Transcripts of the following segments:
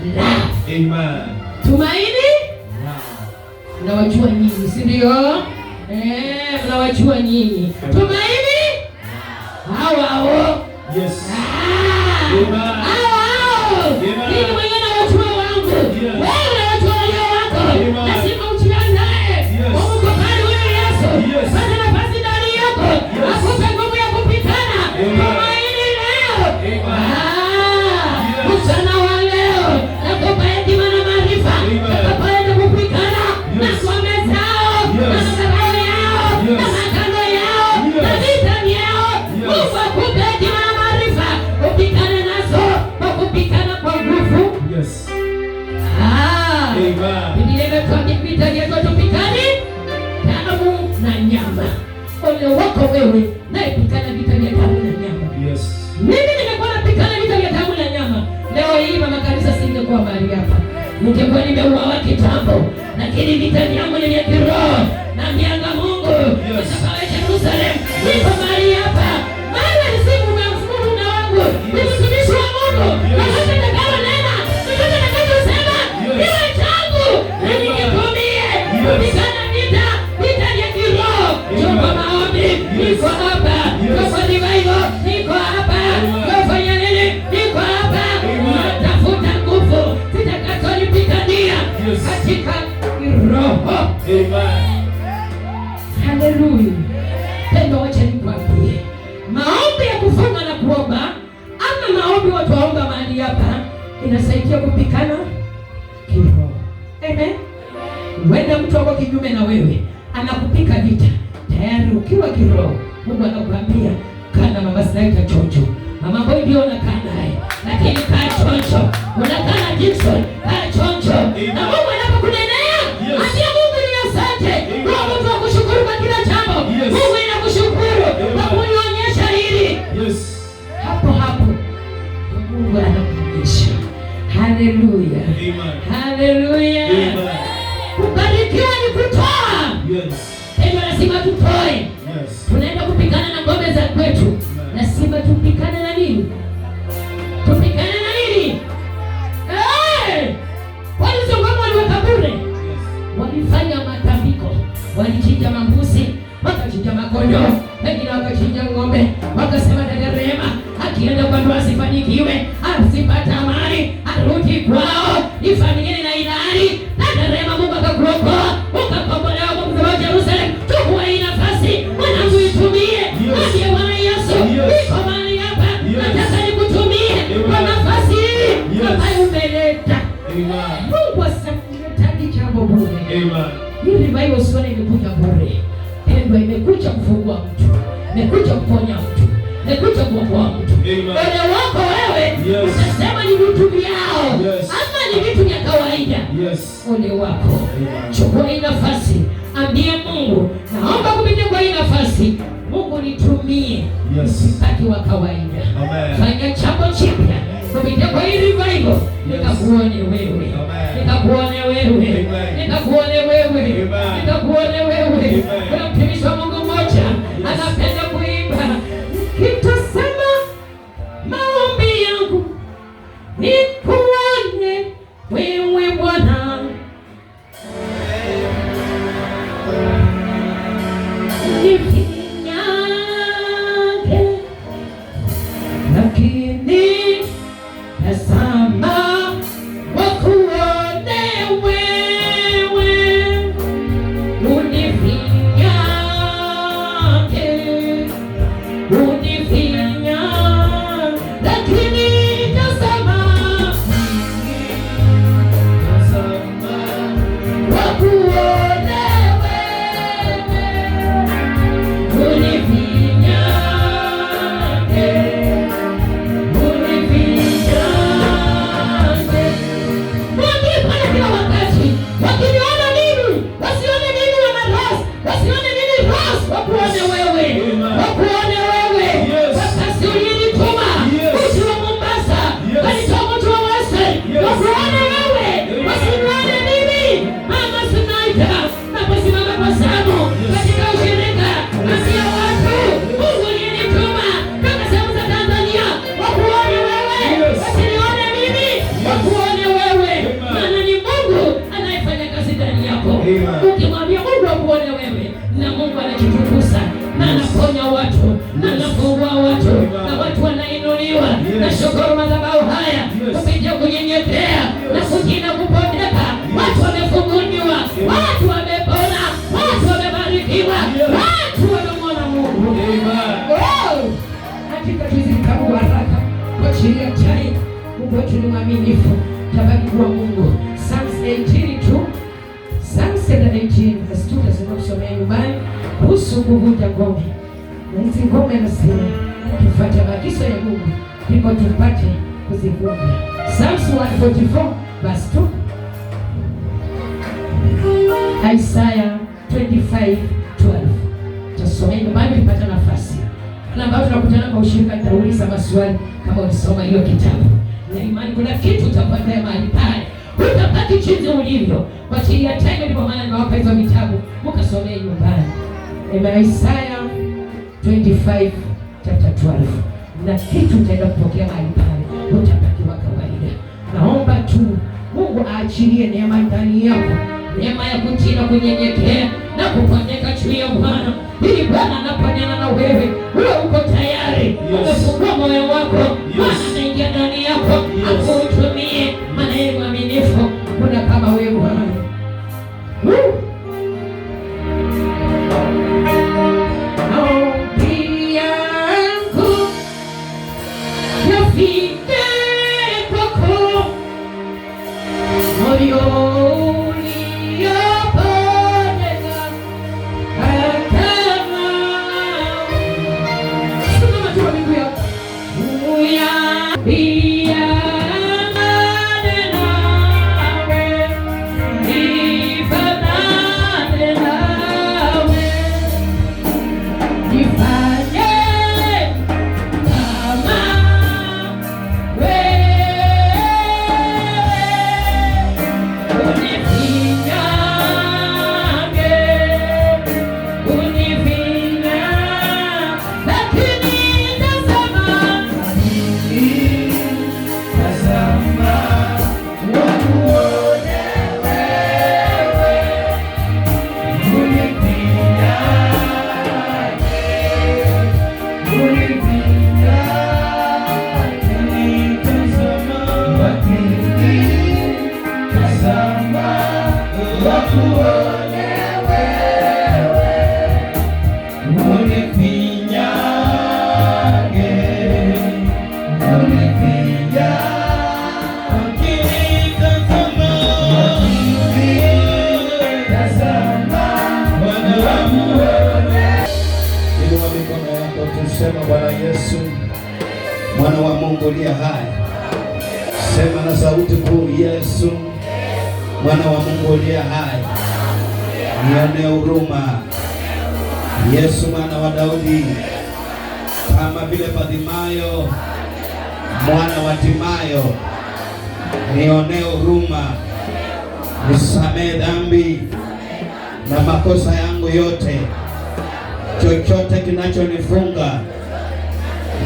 Amen. Tumaini mnawajua nyinyi, si ndio? Eh, mnawajua nyinyi. Tumaini ningekuwa mahali hapa, ningekuwa nimeuawa kitambo, lakini vita yangu ni vya kiroho na mianga Mungu sababu Jerusalem nipo mahali hapa, maana siku na mfumo na wangu ni mtumishi wa Mungu vita vita kupitia kupikana kiroho. Amen. mtu wako kinyume na wewe anakupika vita tayari ukiwa kiroho, Mungu anakuambia kana mama sinaita chonjo mama boy ndio unakaa naye, lakini kaa chocho, unakaa na Gibson, kaa chocho. na Mungu anapokunenea ambia Mungu ni asante, kwa mtu akushukuru kwa kila jambo. Mungu inakushukuru kwa kunionyesha hili. Hapo hapo Mungu anakuonyesha Haleluya, haleluya. Kubarikiwa ni kutoa. Petro anasema tutoe. Tunaenda kupigana na ngome za kwetu, nasema tupigane na nini? Tupigane na nini? Walizo ngoma waliweka bure, walifanya matambiko, walichinja mambuzi, wakachinja makondo wengine wakachinja ng'ombe, wakasema dada Rehema akienda kwa ndoa asifanikiwe, asipata amani arudi kwao. Ni familia na ilani na neema, Mungu akakuokoa ukakombolewa kwa mzee wa Yerusalemu. Chukua hii nafasi, mwanangu, itumie ndiye Bwana Yesu iko mahali hapa, nataka nikutumie kwa nafasi hii ambayo umeleta. Mungu asikuletaje jambo bure. Hii revival usione imekuja bure, pendwa, imekuja kufungua mtu, imekuja kuponya mtu, imekuja kuokoa mtu. Ole wako wewe, utasema ni ole wako. Chukua hii nafasi, ambie Mungu, naomba kupitia kwa hii nafasi, Mungu nitumie wakati wa kawaida, fanya jambo chipya kupitia kwa hii revival, nikakuone wewe, nikakuone wewe, nikakuone wewe, nikakuone wewe, wewe mtumishi Run away wetu ni mwaminifu, tabaki kuwa Mungu. Psalms 18 tu, Psalms 18 verse 2 tunasema kusomea nyumbani kuhusu kuvunja ngome. Na hizi ngome anasema tufuate maagizo ya Mungu ndipo tupate kuzivunja. Psalms 144 verse 2, Isaiah 25:12 tusomee nyumbani tupate nafasi na ambayo tunakutana kwa ushirika, nitauliza maswali kama ulisoma hiyo kitabu na imani, kuna kitu utakwenda mahali pale, utabaki chizi ulivyo. Kwa chini ya time, ndipo maana nimewapa hizo vitabu mkasomee nyumbani. Ema Isaya 25 chapter 12, na kitu utaenda kupokea mahali pale, utabaki wa kawaida. Naomba tu Mungu aachilie neema ndani yako neema ya kutina kunyenyekea na kupanyeka juu ya Bwana, ili Bwana anaponena na wewe ule uko tayari, umefungua moyo wako, Bwana anaingia ndani yako akuutumie, maana yeye mwaminifu, kuna kama wewe Bwana. Sema Bwana Yesu, mwana wa Mungu liya hai. Sema na sauti kuu, Yesu mwana wa Mungu liya hai, nionee huruma. Yesu mwana wa Daudi, kama vile Fatimayo mwana wa Timayo, nione huruma, nisamee dhambi na makosa yangu yote chochote kinachonifunga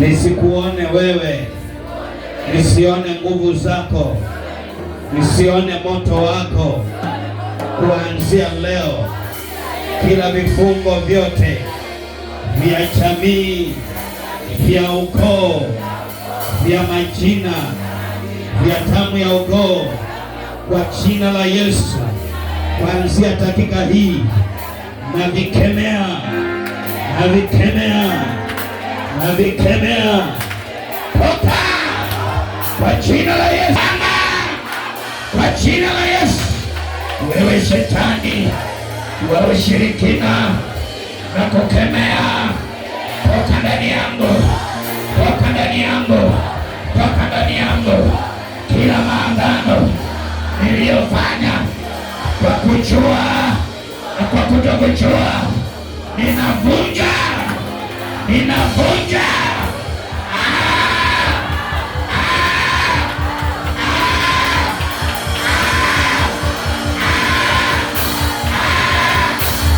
nisikuone wewe, nisione nguvu zako, nisione moto wako, kuanzia leo kila vifungo vyote vya jamii, vya ukoo, vya majina, vya tamu ya ukoo, kwa jina la Yesu, kuanzia dakika hii na vikemea navikemea, navikemea, toka kwa jina la Yesu, kwa jina la Yesu. Wewe shetani wa ushirikina, na kukemea, toka ndani yangu, toka ndani yangu, toka ndani yangu. Kila maagano niliyofanya kwa kujua na kwa kutokujua ninavunja, ninavunja ah! Ah! Ah!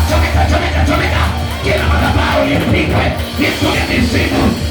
chomeka, chomeka, chomeka, kila madhabahu lipigwe, ipige mizimu